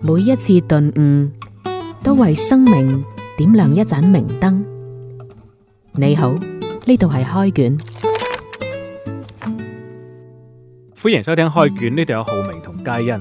每一次頓悟，都為生命點亮一盞明燈。你好，呢度係開卷，歡迎收聽開卷。呢度有浩明同佳欣。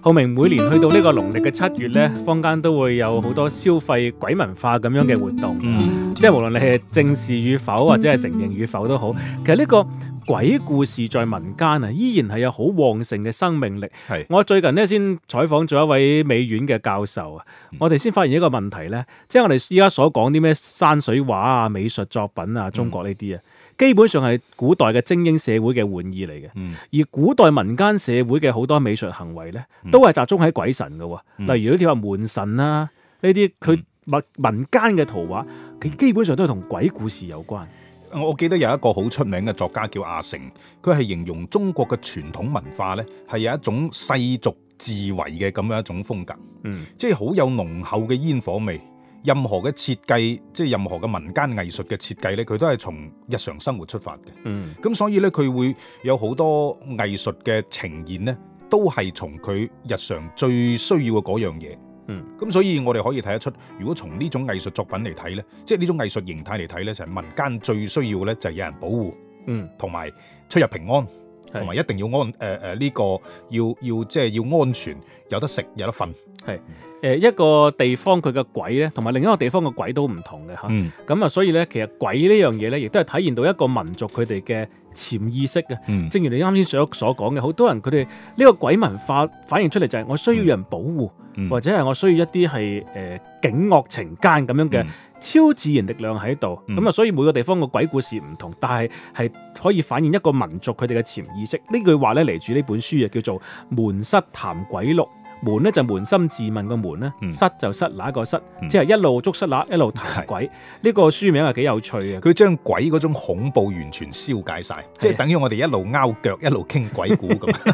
浩明，每年去到呢個農曆嘅七月呢，坊間都會有好多消費鬼文化咁樣嘅活動。嗯即係無論你係正視與否或者係承認與否都好，其實呢個鬼故事在民間啊，依然係有好旺盛嘅生命力。係是我最近呢先採訪咗一位美院嘅教授啊，嗯、我哋先發現一個問題咧，即係我哋依家所講啲咩山水畫啊、美術作品啊、中國呢啲啊，嗯、基本上係古代嘅精英社會嘅玩意嚟嘅。嗯、而古代民間社會嘅好多美術行為咧，都係集中喺鬼神嘅，嗯、例如好似話門神啦呢啲，佢民民間嘅圖畫。佢基本上都係同鬼故事有關。我記得有一個好出名嘅作家叫阿成，佢係形容中國嘅傳統文化呢係有一種世俗自為嘅咁樣一種風格。嗯，即係好有濃厚嘅煙火味。任何嘅設計，即係任何嘅民間藝術嘅設計呢，佢都係從日常生活出發嘅。嗯，咁所以呢，佢會有好多藝術嘅呈現呢，都係從佢日常最需要嘅嗰樣嘢。嗯，咁所以我哋可以睇得出，如果從呢種藝術作品嚟睇咧，即係呢種藝術形態嚟睇咧，就係、是、民間最需要咧，就係有人保護，嗯，同埋出入平安，同埋是一定要安，誒誒呢個要要即係、就是、要安全，有得食，有得瞓，係。誒一個地方佢嘅鬼咧，同埋另一個地方嘅鬼都唔同嘅嚇。咁啊、嗯，所以咧，其實鬼呢樣嘢咧，亦都係體現到一個民族佢哋嘅潛意識嘅。嗯、正如你啱先所所講嘅，好多人佢哋呢個鬼文化反映出嚟就係我需要人保護，嗯嗯、或者係我需要一啲係誒警惡懲奸咁樣嘅超自然力量喺度。咁啊、嗯，嗯、所以每個地方嘅鬼故事唔同，嗯、但係係可以反映一個民族佢哋嘅潛意識呢句話咧嚟住呢本書啊，叫做《捫蝨談鬼錄》。門咧就捫心自問門、嗯、塞塞個門咧，虱就虱乸一個虱，即係一路捉虱乸一路睇鬼。呢是個書名啊幾有趣啊！佢將鬼嗰種恐怖完全消解晒，是即係等於我哋一路拗腳一路傾鬼故咁。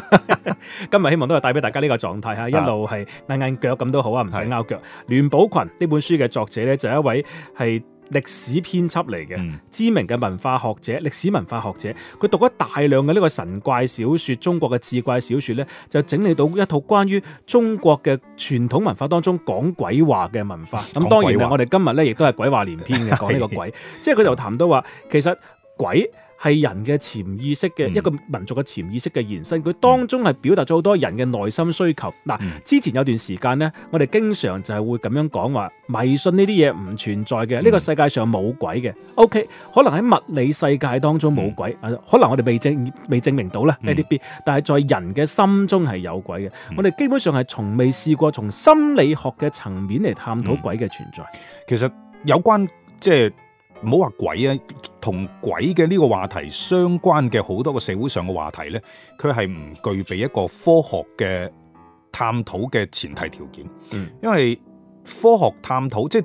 今日希望都係帶俾大家呢個狀態吓，一路係挨挨腳咁都好啊，唔使拗腳。欒保群呢本書嘅作者咧就一位係。歷史編輯嚟嘅、嗯、知名嘅文化學者、歷史文化學者，佢讀咗大量嘅呢個神怪小説、中國嘅志怪小説呢就整理到一套關於中國嘅傳統文化當中講鬼話嘅文化。咁當然啦，我哋今日呢亦都係鬼話連篇嘅 講呢個鬼， 即係佢就談到話 其實鬼。係人嘅潛意識嘅、嗯、一個民族嘅潛意識嘅延伸，佢當中係表達咗好多人嘅內心需求。嗱、嗯，之前有段時間呢，我哋經常就係會咁樣講話，迷信呢啲嘢唔存在嘅，呢、嗯、個世界上冇鬼嘅。O、okay, K，可能喺物理世界當中冇鬼、嗯啊，可能我哋未證未證明到啦呢啲，嗯、但係在人嘅心中係有鬼嘅。我哋基本上係從未試過從心理學嘅層面嚟探討鬼嘅存在、嗯。其實有關即係。就是唔好話鬼啊，同鬼嘅呢個話題相關嘅好多個社會上嘅話題呢，佢係唔具備一個科學嘅探討嘅前提條件。嗯，因為科學探討即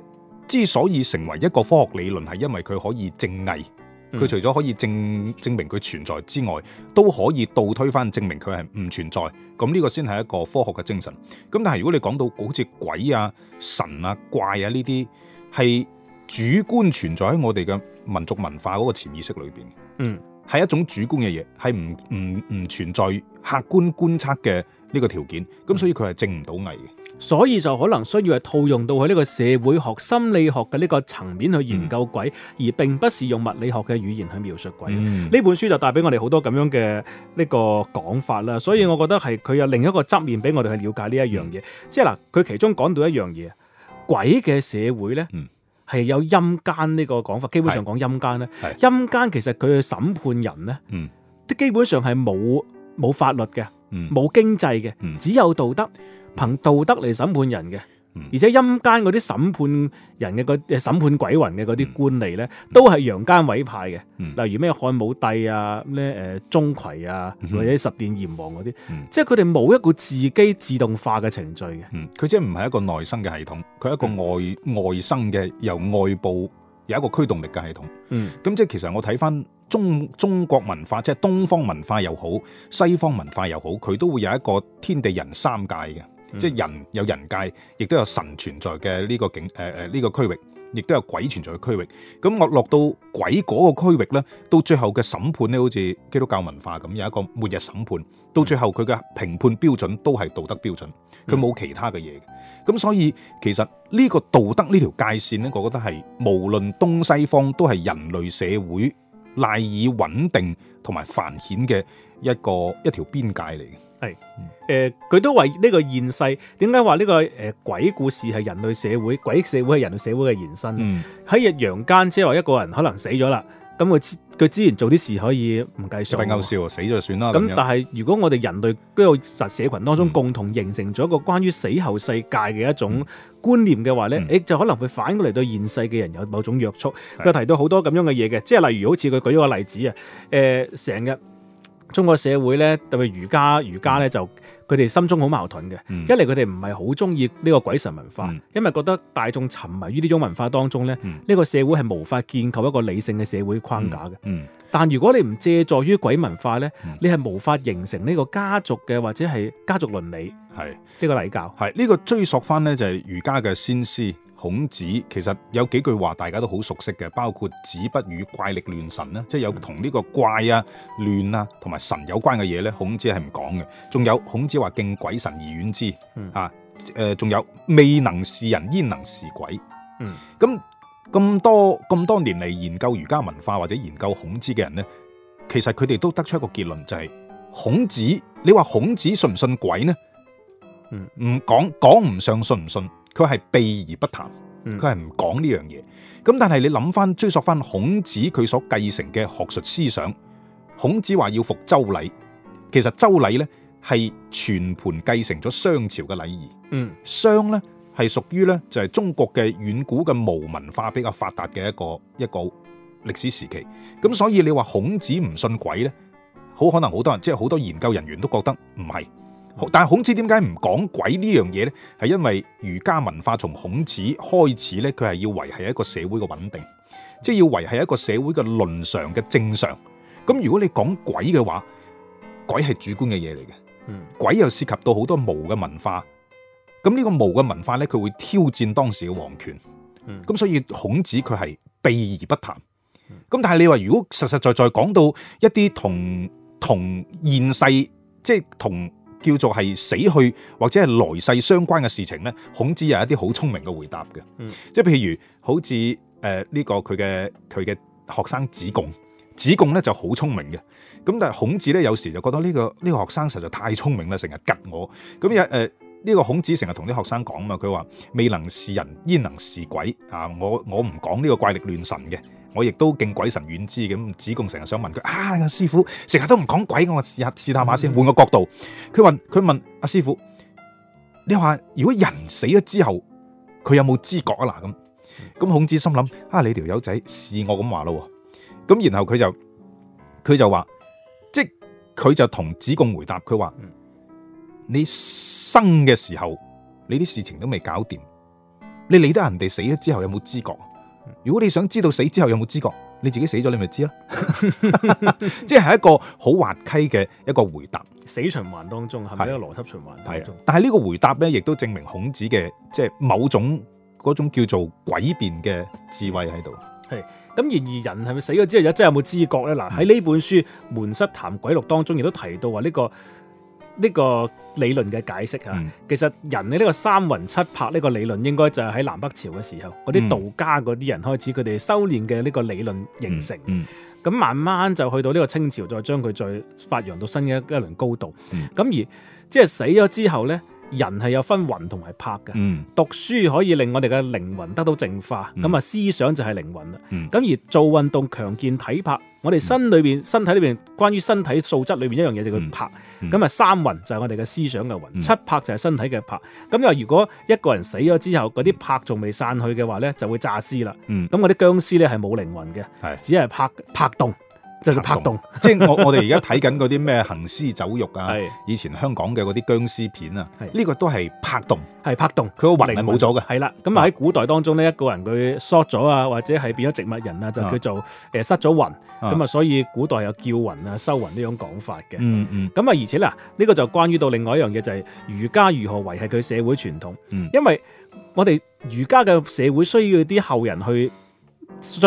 之所以成為一個科學理論，係因為佢可以證偽。佢、嗯、除咗可以證證明佢存在之外，都可以倒推翻證明佢係唔存在。咁呢個先係一個科學嘅精神。咁但係如果你講到好似鬼啊、神啊、怪啊呢啲係。主觀存在喺我哋嘅民族文化嗰個潛意識裏邊，嗯，係一種主觀嘅嘢，係唔唔唔存在客觀觀察嘅呢個條件，咁所以佢係證唔到偽嘅。所以就可能需要係套用到喺呢個社會學、心理學嘅呢個層面去研究鬼，嗯、而並不是用物理學嘅語言去描述鬼。呢、嗯、本書就帶俾我哋好多咁樣嘅呢個講法啦，所以我覺得係佢有另一個側面俾我哋去了解呢一樣嘢。嗯、即係嗱，佢其中講到一樣嘢，鬼嘅社會呢。嗯係有陰間呢個講法，基本上講陰間咧，陰間其實佢嘅審判人咧，都、嗯、基本上係冇冇法律嘅，冇、嗯、經濟嘅，嗯、只有道德，憑、嗯、道德嚟審判人嘅。而且陰間嗰啲審判人嘅嗰審判鬼魂嘅嗰啲官吏咧，嗯、都係陽間委派嘅。嗯、例如咩漢武帝啊，咩誒鐘馗啊，嗯、或者十殿閻王嗰啲，嗯、即係佢哋冇一個自己自動化嘅程序嘅。佢、嗯、即係唔係一個內生嘅系統，佢係一個外、嗯、外生嘅，由外部有一個驅動力嘅系統。咁即係其實我睇返中中國文化，即係東方文化又好，西方文化又好，佢都會有一個天地人三界嘅。即係人有人界，亦都有神存在嘅呢個境，誒誒呢個區域，亦都有鬼存在嘅區域。咁我落到鬼嗰個區域咧，到最後嘅審判咧，好似基督教文化咁，有一個末日審判。到最後佢嘅評判標準都係道德標準，佢冇其他嘅嘢。咁、嗯、所以其實呢個道德呢條、這個、界線咧，我覺得係無論東西方都係人類社會賴以穩定同埋繁衍嘅一個一條邊界嚟。誒，佢、呃、都話呢個現世點解話呢個誒、呃、鬼故事係人類社會，鬼社會係人類社會嘅延伸。喺、嗯、日陽間即係話一個人可能死咗啦，咁佢佢之前做啲事可以唔計數，大拗，笑死咗算啦。咁但係如果我哋人類都有實社群當中、嗯、共同形成咗一個關於死後世界嘅一種觀念嘅話咧，亦、嗯、就可能會反過嚟對現世嘅人有某種約束。佢的提到好多咁樣嘅嘢嘅，即係例如好似佢舉個例子啊，誒、呃、成日。中國社會咧，特別儒家，儒家咧就佢哋心中好矛盾嘅，嗯、一嚟佢哋唔係好中意呢個鬼神文化，嗯、因為覺得大眾沉迷於呢種文化當中咧，呢、嗯、個社會係無法建構一個理性嘅社會框架嘅。嗯嗯、但如果你唔借助於鬼文化咧，嗯、你係無法形成呢個家族嘅或者係家族倫理，係呢是個禮教，係呢、這個追溯翻咧就係儒家嘅先師。孔子其實有幾句話大家都好熟悉嘅，包括子不語怪力亂神啦，即係有同呢個怪啊、亂啊同埋神有關嘅嘢咧，孔子係唔講嘅。仲有孔子話敬鬼神而遠之，嗯、啊，誒、呃，仲有未能事人焉能事鬼？嗯，咁咁多咁多年嚟研究儒家文化或者研究孔子嘅人咧，其實佢哋都得出一個結論，就係、是、孔子，你話孔子信唔信鬼呢？嗯，唔講，講唔上信唔信？佢係避而不談，佢係唔講呢樣嘢。咁但係你諗翻追溯翻孔子佢所繼承嘅學術思想，孔子話要服周禮，其實周禮呢係全盤繼承咗商朝嘅禮儀。嗯，商呢係屬於呢就係、是、中國嘅遠古嘅巫文化比較發達嘅一個一個歷史時期。咁所以你話孔子唔信鬼呢？好可能好多人即係好多研究人員都覺得唔係。但係孔子點解唔講鬼呢樣嘢呢？係因為儒家文化從孔子開始呢，佢係要維係一個社會嘅穩定，即係要維係一個社會嘅倫常嘅正常。咁如果你講鬼嘅話，鬼係主觀嘅嘢嚟嘅，嗯，鬼又涉及到好多巫嘅文化。咁呢個巫嘅文化呢，佢會挑戰當時嘅皇權，咁所以孔子佢係避而不談。咁但係你話如果實實在在講到一啲同同現世，即係同。叫做係死去或者係來世相關嘅事情咧，孔子有一啲好聰明嘅回答嘅，即係譬如好似誒呢個佢嘅佢嘅學生子貢，子貢咧就好聰明嘅，咁但係孔子咧有時就覺得呢個呢個學生實在太聰明啦，成日吉我，咁亦誒呢個孔子成日同啲學生講啊嘛，佢話未能事人，焉能事鬼啊，我我唔講呢個怪力亂神嘅。我亦都敬鬼神遠之。咁，子貢成日想問佢、啊：啊，師傅成日都唔講鬼，我試下試探下先，換個角度。佢問佢問阿、啊、師傅，你話如果人死咗之後，佢有冇知覺啊？嗱，咁咁，孔子心諗：啊，你條友仔試我咁話咯。咁然後佢就佢就話，即佢就同子貢回答佢話：你生嘅時候，你啲事情都未搞掂，你理得人哋死咗之後有冇知覺？如果你想知道死之後有冇知覺，你自己死咗你咪知啦，即 係一個好滑稽嘅一個回答。 死循環當中係咪一個邏輯循環？係，但係呢個回答呢，亦都證明孔子嘅即係某種嗰種叫做詭辯嘅智慧喺度。係，咁然而人係咪死咗之後真有真係有冇知覺呢？嗱，喺呢本書《捫虱談鬼錄》當中亦都提到話呢個。呢個理論嘅解釋啊，嗯、其實人咧呢個三魂七魄呢個理論應該就係喺南北朝嘅時候，嗰啲、嗯、道家嗰啲人開始佢哋修煉嘅呢個理論形成，咁、嗯嗯、慢慢就去到呢個清朝，再將佢再發揚到新嘅一輪高度，咁、嗯、而即係死咗之後呢。人係有分魂同埋魄嘅，讀書可以令我哋嘅靈魂得到淨化，咁啊思想就係靈魂啦。咁而做運動強健體魄，我哋身裏邊、身體裏邊關於身體素質裏面一樣嘢就叫魄。咁啊三魂就係我哋嘅思想嘅魂，七魄就係身體嘅魄。咁又如果一個人死咗之後，嗰啲魄仲未散去嘅話呢，就會詐屍啦。咁嗰啲僵屍呢，係冇靈魂嘅，只係魄魄動。即係魄動，即係我我哋而家睇緊嗰啲咩行屍走肉啊，以前香港嘅嗰啲僵屍片啊，呢個都係魄動，係魄動，佢個魂係冇咗嘅，係啦。咁啊喺古代當中呢，一個人佢索咗啊，或者係變咗植物人啊，就叫做誒失咗魂。咁啊，所以古代有叫魂啊、收魂呢種講法嘅。嗯嗯。咁啊，而且嗱，呢個就關於到另外一樣嘢，就係儒家如何維繫佢社會傳統。因為我哋儒家嘅社會需要啲後人去。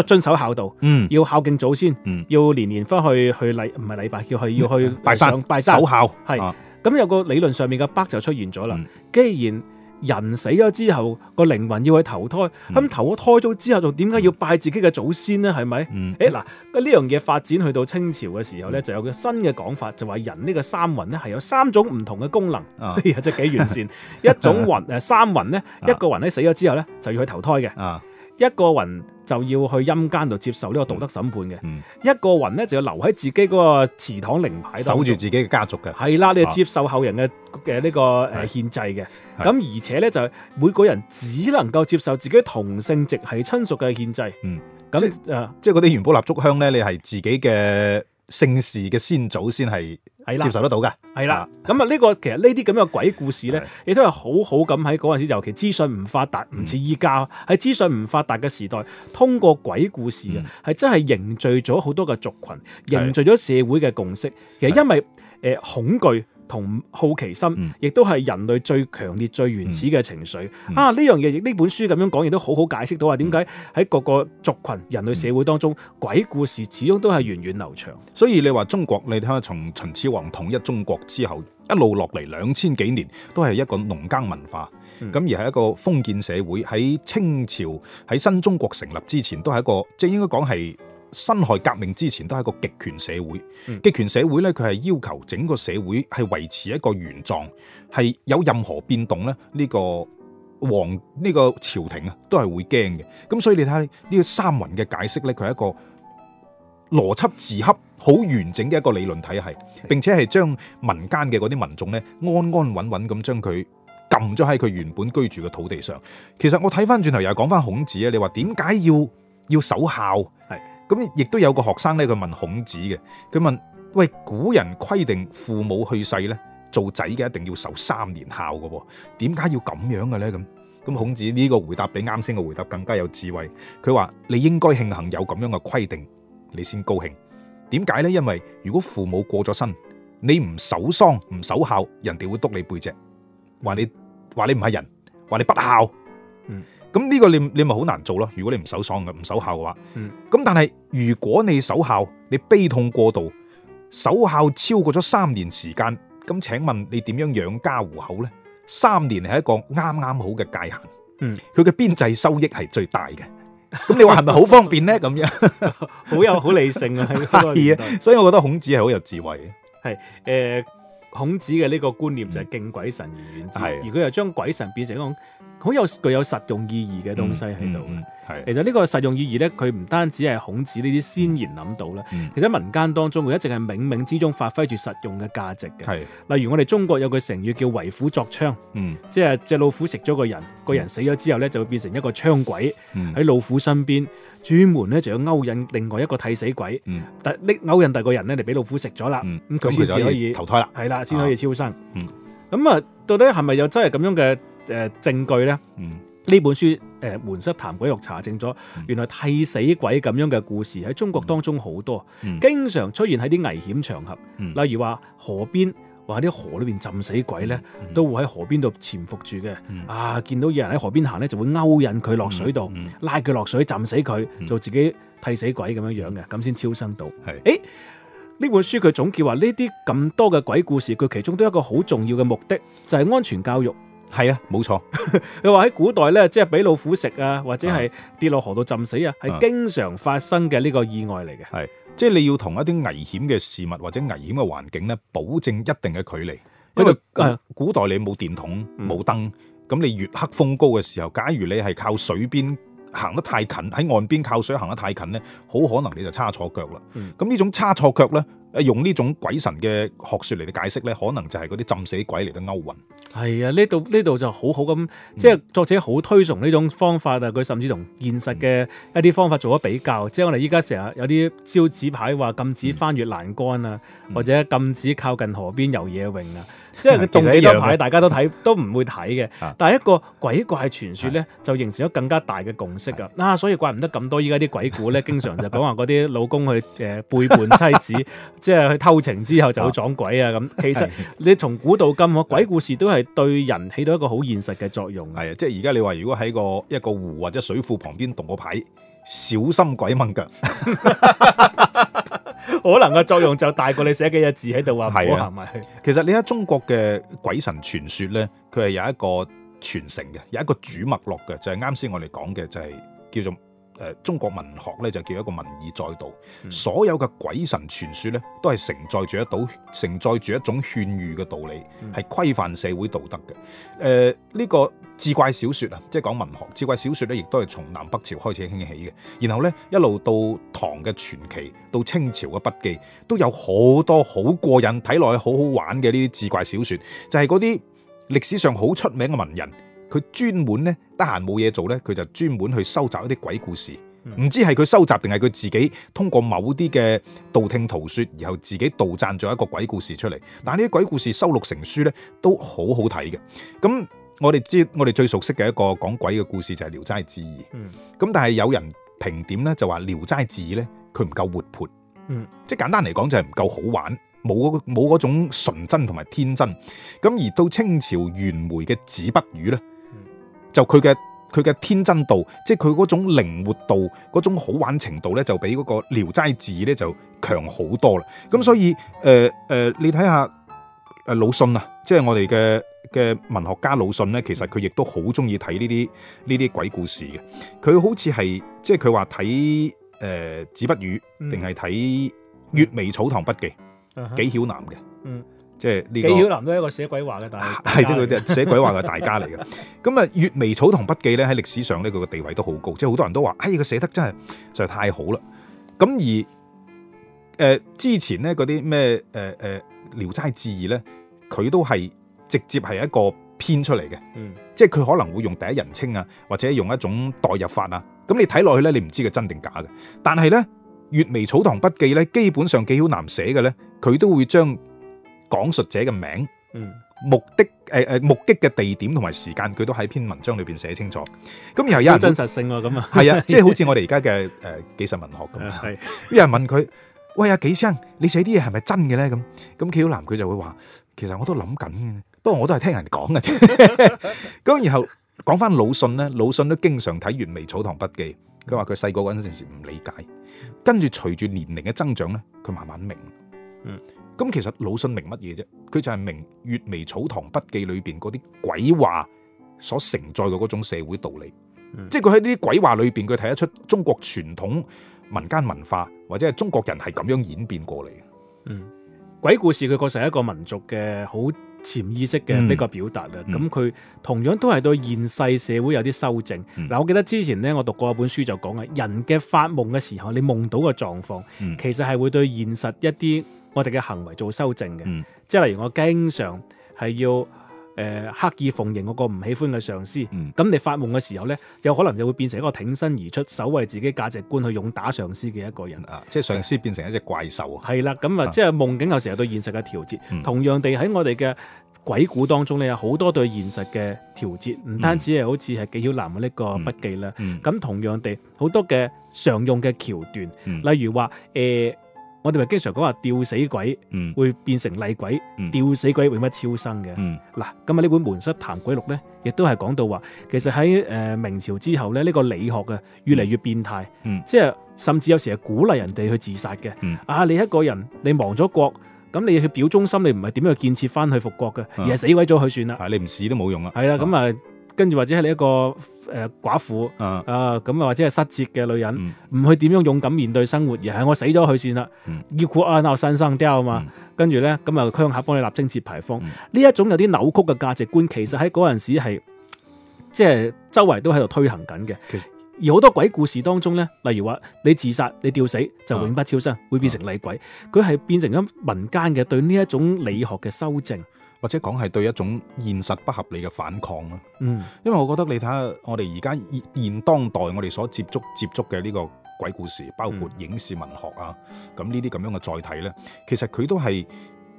遵守孝道，嗯，要孝敬祖先，嗯，要年年翻去去禮，唔係禮拜，要去要去拜山，拜山守孝，係咁有個理論上面嘅北就出現咗啦。既然人死咗之後個靈魂要去投胎，咁投咗胎咗之後，就點解要拜自己嘅祖先呢？係咪？誒，嗱，呢樣嘢發展去到清朝嘅時候咧，就有個新嘅講法，就話人呢個三魂咧係有三種唔同嘅功能，哎呀，真係幾完善。一種魂誒，三魂咧，一個魂喺死咗之後咧就要去投胎嘅。一個魂就要去陰間度接受呢個道德審判嘅，嗯、一個魂咧就要留喺自己嗰個祠堂靈牌守住自己嘅家族嘅，係啦，你要接受後人嘅嘅呢個誒獻祭嘅，咁、啊、而且咧就每個人只能夠接受自己同性直系親屬嘅獻祭，嗯，咁那即係、啊、即係嗰啲元寶蠟燭香咧，你係自己嘅。姓氏嘅先祖先係接受得到嘅，係啦。咁啊，呢個其實呢啲咁嘅鬼故事咧，亦的都係好好咁喺嗰陣時，尤其資訊唔發達，唔似依家喺資訊唔發達嘅時代，通過鬼故事啊，係、嗯、真係凝聚咗好多嘅族群，凝聚咗社會嘅共識。的其實因為誒的、呃、恐懼。同好奇心，亦都係人類最強烈、最原始嘅情緒、嗯、啊！呢樣嘢，亦呢本書咁樣講亦都好好解釋到啊，點解喺各個族群、人類社會當中，嗯、鬼故事始終都係源遠流長。所以你話中國，你睇下從秦始皇統一中國之後一路落嚟兩千幾年，都係一個農耕文化，咁、嗯、而係一個封建社會，喺清朝，喺新中國成立之前，都係一個，即係應該講，係。辛亥革命之前都係一個極權社會，嗯、極權社會呢，佢係要求整個社會係維持一個原狀，係有任何變動咧呢、呢個皇呢、呢個朝廷啊都係會驚嘅。咁所以你睇呢、呢個三民嘅解釋呢，佢係一個邏輯自洽、好完整嘅一個理論體系，並且係將民間嘅嗰啲民眾呢，安安穩穩咁將佢撳咗喺佢原本居住嘅土地上。其實我睇翻轉頭又係講翻孔子啊，你話點解要要守孝？係咁亦都有個學生咧，佢問孔子嘅，佢問：喂，古人規定父母去世咧，做仔嘅一定要守三年孝嘅，點解要咁樣嘅咧？咁，咁孔子呢個回答比啱先嘅回答更加有智慧。佢話：你應該慶幸有咁樣嘅規定，你先高興。點解咧？因為如果父母過咗身，你唔守喪唔守孝，人哋會督你背脊，話你話你唔係人，話你不孝。嗯。咁呢個你你咪好難做咯，如果你唔守喪嘅，唔守孝嘅話，咁、嗯、但係如果你守孝，你悲痛過度，守孝超過咗三年時間，咁請問你點樣養家糊口咧？三年係一個啱啱好嘅界限，嗯，佢嘅邊際收益係最大嘅，咁你話係咪好方便咧？咁樣，好有好理性啊， displays 所以我覺得孔子係好有智慧嘅，係 誒，孔子嘅呢個觀念就係敬鬼神而遠之，係對，而佢又將鬼神變成一種。好有具有實用意義嘅東西喺度，其實呢個實用意義呢，佢唔單止係孔子呢啲先賢諗到啦，其實民間當中佢一直係冥冥之中發揮住實用嘅價值嘅。例如我哋中國有句成語叫為虎作倀，即係隻老虎食咗個人，個人死咗之後呢，就會變成一個倀鬼喺老虎身邊，專門呢就要勾引另外一個替死鬼，但勾引第個人呢，就俾老虎食咗啦，咁佢先至可以投胎啦，係啦，先可以超生。咁啊，到底係咪有真係咁樣嘅？誒，證據咧，呢本書誒，《捫虱談鬼錄》查證咗，原來替死鬼咁樣嘅故事喺中國當中好多，經常出現喺啲危險場合，例如話河邊，話啲河裏邊浸死鬼咧，都會喺河邊度潛伏住嘅。啊，見到有人喺河邊行咧，就會勾引佢落水度，拉佢落水浸死佢，做自己替死鬼咁樣樣嘅，咁先超生到。係誒，呢本書佢總結話呢啲咁多嘅鬼故事，佢其中都有一個好重要嘅目的就係安全教育。係啊，冇錯。 你話喺古代咧，即係俾老虎食啊，或者係跌落河度浸死啊，係、嗯、經常發生嘅呢個意外嚟嘅。係即係你要同一啲危險嘅事物或者危險嘅環境咧，保證一定嘅距離。因為誒古代你冇電筒冇、嗯、燈，咁你月黑風高嘅時候，假如你係靠水邊行得太近，喺岸邊靠水行得太近咧，好可能你就差錯腳啦。咁呢、嗯、種差錯腳咧，用呢種鬼神嘅學説嚟解釋咧，可能就係嗰啲浸死鬼嚟到勾魂。係啊，呢度，呢度就好好咁，即係作者好推崇呢種方法啊！佢甚至同現實嘅一啲方法做咗比較。即係我哋依家成日有啲招紙牌話禁止翻越欄杆啊，或者禁止靠近河邊遊野泳啊。即係動幾多牌，大家都睇都唔會睇嘅。但係一個鬼怪傳説咧，就形成咗更加大嘅共識啊！嗱，所以怪唔得咁多依家啲鬼故咧，經常就講話嗰啲老公去誒背叛妻子，即係去偷情之後就會撞鬼啊！咁其實你從古到今，話鬼故事都係。對人起到一個好現實嘅作用，係啊，即係而家你話如果喺個一個湖或者水庫旁邊動個牌，小心鬼掹腳，可能個作用就大過你寫幾隻字喺度話唔好行埋去。其實你睇中國嘅鬼神傳說咧，佢係有一個傳承嘅，有一個主脈絡嘅，就係啱先我哋講嘅，就係、是、叫做。誒、呃、中國文學咧就叫一個文以載道，嗯、所有嘅鬼神傳說咧都係承載住一道，承載住一種勸喻嘅道理，係、嗯、規範社會道德嘅。誒、呃、呢、這個志怪小説啊，即係講文學，志怪小説咧亦都係從南北朝開始興起嘅，然後咧一路到唐嘅傳奇，到清朝嘅筆記，都有好多好過癮、睇落去好好玩嘅呢啲志怪小説，就係嗰啲歷史上好出名嘅文人。佢專門咧得閒冇嘢做咧，佢就專門去收集一啲鬼故事，唔、mm hmm. 知係佢收集定係佢自己通過某啲嘅道聽途說，然後自己杜撰咗一個鬼故事出嚟。但係呢啲鬼故事收錄成書咧都好好睇嘅。咁、嗯、我哋知我哋最熟悉嘅一個講鬼嘅故事就係、是《聊齋志異》。咁、mm hmm. 但係有人評點咧，就話《聊齋志異》咧佢唔夠活潑，mm hmm. 即係簡單嚟講就係唔夠好玩，冇冇嗰種純真同埋天真。咁而到清朝袁枚嘅《子不語》咧。就佢嘅佢嘅天真度，即係佢嗰種靈活度，嗰種好玩程度咧，就比嗰個齋呢《聊齋志》咧就強好多啦。咁所以，誒、呃、誒、呃，你睇下誒魯迅啊，即係我哋嘅嘅文學家魯迅咧，其實佢亦都好中意睇呢啲呢啲鬼故事嘅。佢好似係即係佢話睇誒《子、呃、不語》，定係睇《閱微草堂筆記》嗯《紀曉嵐》嘅、嗯。嗯即係呢、這個紀曉嵐都係一個寫鬼話嘅大係即佢啲寫鬼話嘅大家嚟嘅咁啊，《閱微草堂筆記呢》咧喺歷史上咧佢個地位都好高，即係好多人都話：哎，佢寫得真係實在太好啦！咁而誒、呃、之前咧嗰啲咩誒誒《聊、呃呃、齋志異》咧，佢都係直接係一個編出嚟嘅，嗯、即係佢可能會用第一人稱啊，或者用一種代入法啊。咁你睇落去咧，你唔知佢真定假嘅。但係咧，《閱微草堂筆記呢》咧基本上紀曉嵐寫嘅咧，佢都會將講述者嘅名，嗯，目的誒誒，目的嘅地點同埋時間，佢都喺篇文章裏邊寫清楚。咁然後有人真實性咁啊，係啊，即係好似我哋而家嘅誒，紀實文學咁啊。係，有人問佢：喂阿紀生，你寫啲嘢係咪真嘅咧？咁，咁紀曉嵐佢就會話：其實我都諗緊嘅，不過我都係聽人講嘅啫。咁然後講翻魯迅咧，魯迅都經常睇《閱微草堂筆記》，佢話佢細個嗰陣時唔理解，跟住隨住年齡嘅增長咧，佢慢慢明。嗯。咁其實魯迅明乜嘢啫？佢就係明《月眉草堂筆記》裏邊嗰啲鬼話所承載嘅嗰種社會道理，即係佢喺呢啲鬼話裏邊，佢睇得出中國傳統民間文化或者係中國人係咁樣演變過嚟。嗯，鬼故事佢確係一個民族嘅好潛意識嘅呢個表達啊！咁佢、嗯嗯、同樣都係對現世社會有啲修正。嗱、嗯，我記得之前呢，我讀過一本書就講啊，人嘅發夢嘅時候，你夢到嘅狀況，嗯、其實係會對現實一啲我哋嘅行為做修正嘅，嗯、即係例如我經常係要誒、呃、刻意奉迎我個唔喜歡嘅上司，咁、嗯、你發夢嘅時候咧，有可能就會變成一個挺身而出、守衛自己價值觀去勇打上司嘅一個人啊！即係上司變成一隻怪獸啊！係、嗯、啦，咁啊，即係夢境有時候對現實嘅調節，嗯、同樣地喺我哋嘅鬼故當中，你有好多對現實嘅調節，唔、嗯、單止係好似係紀曉嵐嘅呢個筆記啦，咁同樣地好多嘅常用嘅橋段，例如話誒。嗯嗯嗯嗯嗯我哋咪經常講話吊死鬼，嗯，會變成厲鬼，吊死鬼永不、嗯、超生嘅。嗱、嗯，咁啊呢本《捫蝨談鬼錄》咧，亦都係講到話，其實喺誒、呃、明朝之後咧，呢、這個理學啊越嚟越變態，嗯、即係甚至有時係鼓勵人哋去自殺嘅。嗯、啊，你一個人你亡咗國，咁你要去表忠心，你唔係點樣去建設翻去復國嘅，而係死鬼咗佢算啦、嗯。你唔死都冇用啊。係啊、嗯，咁啊。嗯跟住或者係你一個誒寡婦啊咁啊、呃、或者係失節嘅女人，唔、嗯、去點樣勇敢面對生活，而係我死咗佢算啦，嗯、要苦阿鬧新生雕啊嘛。嗯、跟住咧咁啊，鄉下幫你立貞節牌坊。呢一、嗯、種有啲扭曲嘅價值觀，其實喺嗰陣時係即係周圍都喺度推行緊嘅。實而好多鬼故事當中咧，例如話你自殺你吊死就永不超生，會變成厲鬼。佢係變成咗民間嘅對呢一種理學嘅修正。或者講係對一種現實不合理嘅反抗咯。嗯，因為我覺得你睇下我哋而家現當代我哋所接觸接觸嘅呢個鬼故事，包括影視文學啊，咁、嗯、呢啲咁樣嘅載體咧，其實佢都係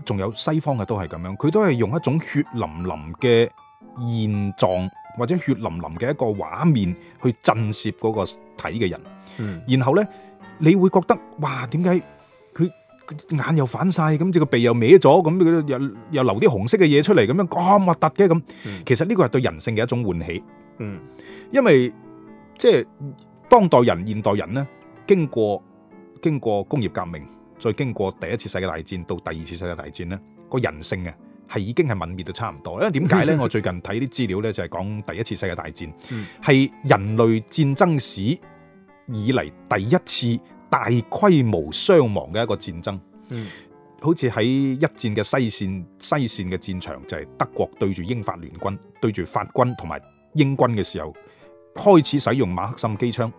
仲有西方嘅都係咁樣，佢都係用一種血淋淋嘅現狀或者血淋淋嘅一個畫面去震懾嗰個睇嘅人。嗯、然後咧你會覺得哇點解？眼又反晒，咁隻個鼻又歪咗，咁佢又又流啲紅色嘅嘢出嚟，咁樣咁核突嘅咁。嗯、其實呢個係對人性嘅一種喚起，嗯，因為即係當代人、現代人咧，經過經過工業革命，再經過第一次世界大戰到第二次世界大戰咧，個人性嘅係已經係泯滅到差唔多。因為點解咧？嗯、我最近睇啲資料咧，就係講第一次世界大戰係、嗯、人類戰爭史以嚟第一次。大規模傷亡嘅一個戰爭，嗯，好似喺一戰嘅西線，西線嘅戰場就係德國對住英法聯軍，對住法軍同埋英軍嘅時候，開始使用馬克沁機槍，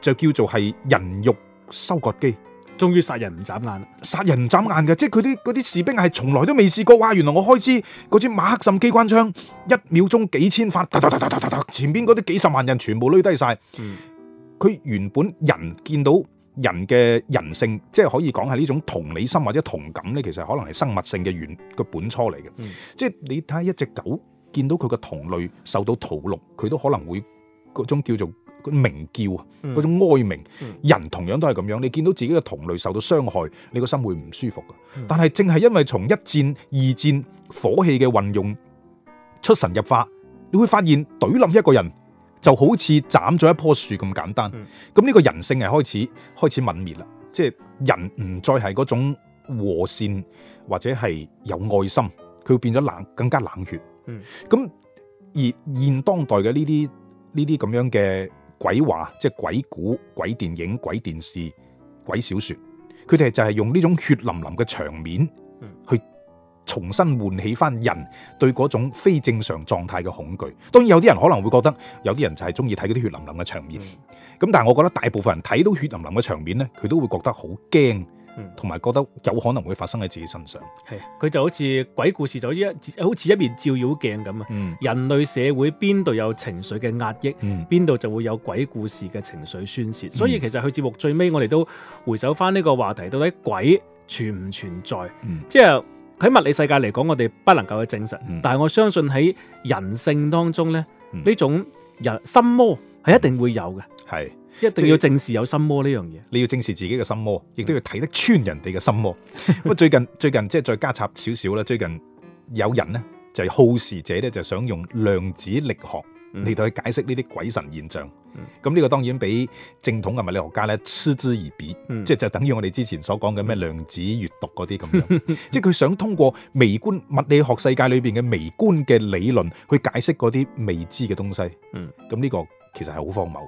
就叫做係人肉收割機，終於殺人唔眨眼，殺人唔眨眼嘅，即係佢啲啲士兵係從來都未試過，哇！原來我開支嗰支馬克沁機關槍，一秒鐘幾千發，噠噠噠噠噠，前邊嗰啲幾十萬人全部擂低晒，嗯。佢原本人見到人嘅人性，即係可以講，係呢種同理心或者同感咧，其實可能係生物性嘅原個本初嚟嘅。嗯、即係你睇下一隻狗見到佢嘅同類受到屠戮，佢都可能會嗰種叫做鳴叫、嗰種哀鳴，嗯、人同樣都係咁樣，你見到自己嘅同類受到傷害，你個心會唔舒服嘅。嗯、但係正係因為從一戰二戰火器嘅運用出神入化，你會發現懟冧一個人。就好似斬咗一棵樹咁簡單，咁呢、嗯、個人性係開始開始泯滅啦，即、就、係、是、人唔再係嗰種和善或者係有愛心，佢會變咗冷，更加冷血。咁、嗯、而現當代嘅呢啲呢啲咁樣嘅鬼話，即、就、係、是、鬼故、鬼電影、鬼電視、鬼小說，佢哋就係用呢種血淋淋嘅場面。重新喚起翻人對嗰種非正常狀態嘅恐懼。當然有啲人可能會覺得，有啲人就係中意睇嗰啲血淋淋嘅場面。咁、嗯、但係我覺得大部分人睇到血淋淋嘅場面呢，佢都會覺得好驚，同埋、嗯、覺得有可能會發生喺自己身上。係，佢就好似鬼故事，就好似一，好似一面照妖鏡咁啊。嗯、人類社會邊度有情緒嘅壓抑，邊度、嗯、就會有鬼故事嘅情緒宣泄。嗯、所以其實佢節目最尾，我哋都回首翻呢個話題，到底鬼存唔存在？即係。嗯喺物理世界嚟講，我哋不能夠去證實，嗯、但係我相信喺人性當中咧，呢、嗯、種人心魔係一定會有嘅，係、嗯、一定要以正視有心魔呢樣嘢。你要正視自己嘅心魔，亦都、嗯、要睇得穿人哋嘅心魔。不 最近最近即係再加插少少啦，最近有人呢，就係好事者咧就、想用量子力學。你到去解釋呢啲鬼神現象，咁呢、嗯、個當然俾正統嘅物理學家咧嗤之以鼻，嗯、即係就等於我哋之前所講嘅咩量子閲讀嗰啲咁樣，嗯、即係佢想通過微觀物理學世界裏邊嘅微觀嘅理論去解釋嗰啲未知嘅東西。咁呢、嗯、個其實係好荒謬。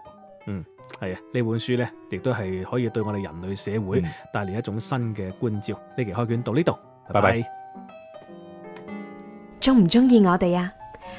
嗯，係啊，呢本書咧亦都係可以對我哋人類社會帶嚟一種新嘅觀照。呢期開卷到呢度，拜拜。中唔中意我哋啊？